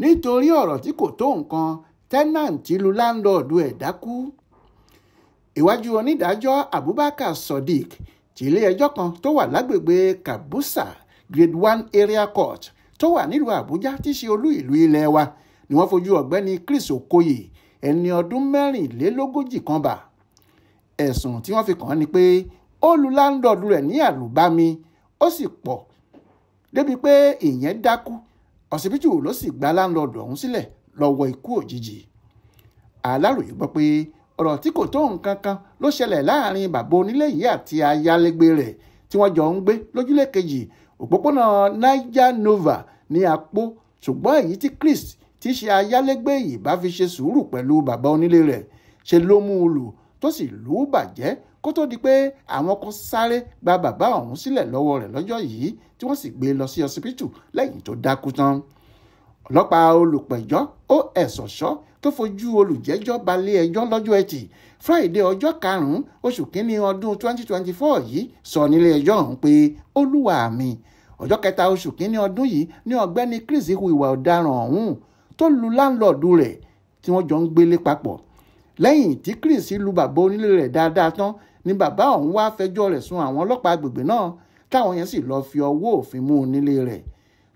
nítorí ọ̀rọ̀ tí kò tó nǹkan tenant lu láńlọ́ọ̀dù ẹ̀ dákú. ìwájú onídàájọ́ Abubakar Sodiq ti ilé-ẹjọ́ kan tó wà lágbègbè Kabusa Grade One Area Court tó wà nílùú Àbújá tí í ṣe olú ìlú ilẹ̀ wa ni wọ́n fojú ọ̀gbẹ́ni Chris Okoye ẹni ọdún mẹ́rìnlélógójì kan bà ẹ̀sùn tí wọ́n fi kàn án ni pé ó lu láńlọ́ọ̀dù rẹ̀ ní àlùbami ó sì pọ̀ débi pé ìyẹn dákú ọ̀sibítù ló sì gba láńlọ́ọ̀dù ọ̀hún sílẹ̀ lọ́wọ́ ikú òjijì aláròye gbọ́ pé ọ̀rọ̀ tí kò tó nǹkan kan ló ṣẹlẹ̀ láàrin bàbá onílé yìí àti ayálégbé rẹ̀ tí wọ́n jọ ń gbé lójúlé kejì òpópónà niger nova ní apó ṣùgbọ́n èyí tí chris ti ṣe ayálégbé yìí bá fi ṣe sùúrù pẹ̀lú bàbá onílé rẹ̀ ṣe ló mú un lù tó sì lù ú bàjẹ́ kó tó di pé àwọn kan sáré gba bàbá ọ̀hún sílẹ̀ lọ́wọ́ rẹ̀ lọ́jọ́ yìí tí wọ́n sì gbé lọ sí ọsibítù lẹ́yìn tó dákú tán ọlọ́pàá olùpẹ̀jọ́ os ọ̀ṣọ́ tó fojú olùjẹ́jọ́ balẹ̀-ẹjọ́ lọ́jọ́ ẹtì friday ọjọ́ karùn-ún oṣù kínní ọdún 2024 yìí sọ nílé ẹjọ́ ọ̀hún pé olúwa mi ọjọ́ kẹta oṣù kínní ọdún yìí ní ọ̀gbẹ́ni chris hu ìwà ọ̀daràn ọ̀hún tó lu láńlọ́ọ̀dù rẹ̀ tí wọ́n jọ ń gbélé papọ̀ lẹ́yìn tí chris lu bàbá onílé rẹ̀ dáadáa tán ni bàbá ọ̀hún wá fẹjọ́ rẹ̀ sun àwọn ọlọ́pàá agbègbè náà táwọn yẹn sì lọ́ọ́ fi ọwọ́ òfin mú un nílé rẹ̀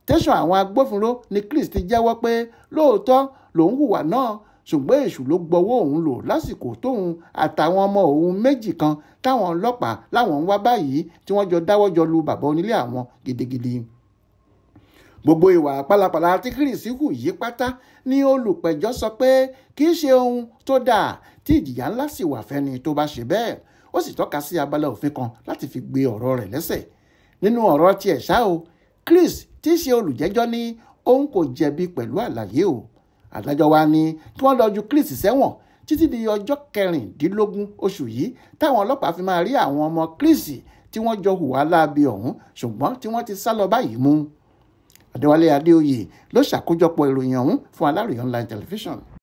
tẹ̀sán àwọn agbófinró ni Chris ti jẹ́wọ́ pé lóòótọ́ lòun hùwà náà ṣùgbọ́n èṣù ló gbọ́wọ́ òun lò lásìkò tóun àtàwọn ọmọ òun méjì kan táwọn ọlọ́pàá láwọn ń wá báyìí tí wọ́n jọ dáwọ́ jọ lu bàbá onílé àwọn gidigidi gbogbo ìwà pálapàla tí kìrìsì hù yìí pátá ni olùpẹ̀jọ́ sọ pé kì í ṣe ohun tó dáa tí ìjìyà ńlá sì wà fẹ́ni tó bá ṣe bẹ́ẹ̀ ó sì tọ́ka sí abala òfin kan láti fi gbé ọ̀rọ̀ rẹ̀ lẹ́sẹ̀ nínú ọ̀rọ̀ tiẹ̀ ṣá o Chris tí í ṣe olùjẹ́jọ́ ní òun kò jẹ̀bi pẹ̀lú àlàyé o adájọ́ wa ní kí wọ́n lọ ju Chris sẹ́wọ̀n títí di ọjọ́ kẹrìndínlógún oṣù yìí táwọn ọlọ́pàá fi máa rí àwọn ọmọ Chris tí wọ́n jọ hùwà láabi ọ̀hún ṣùgbọ́n tí wọ́n ti sá lọ báyìí mú. Adéwálé Adéoyè ló ṣàkójọpọ̀ ìròyìn ọ̀hún fún Aláròyé online television.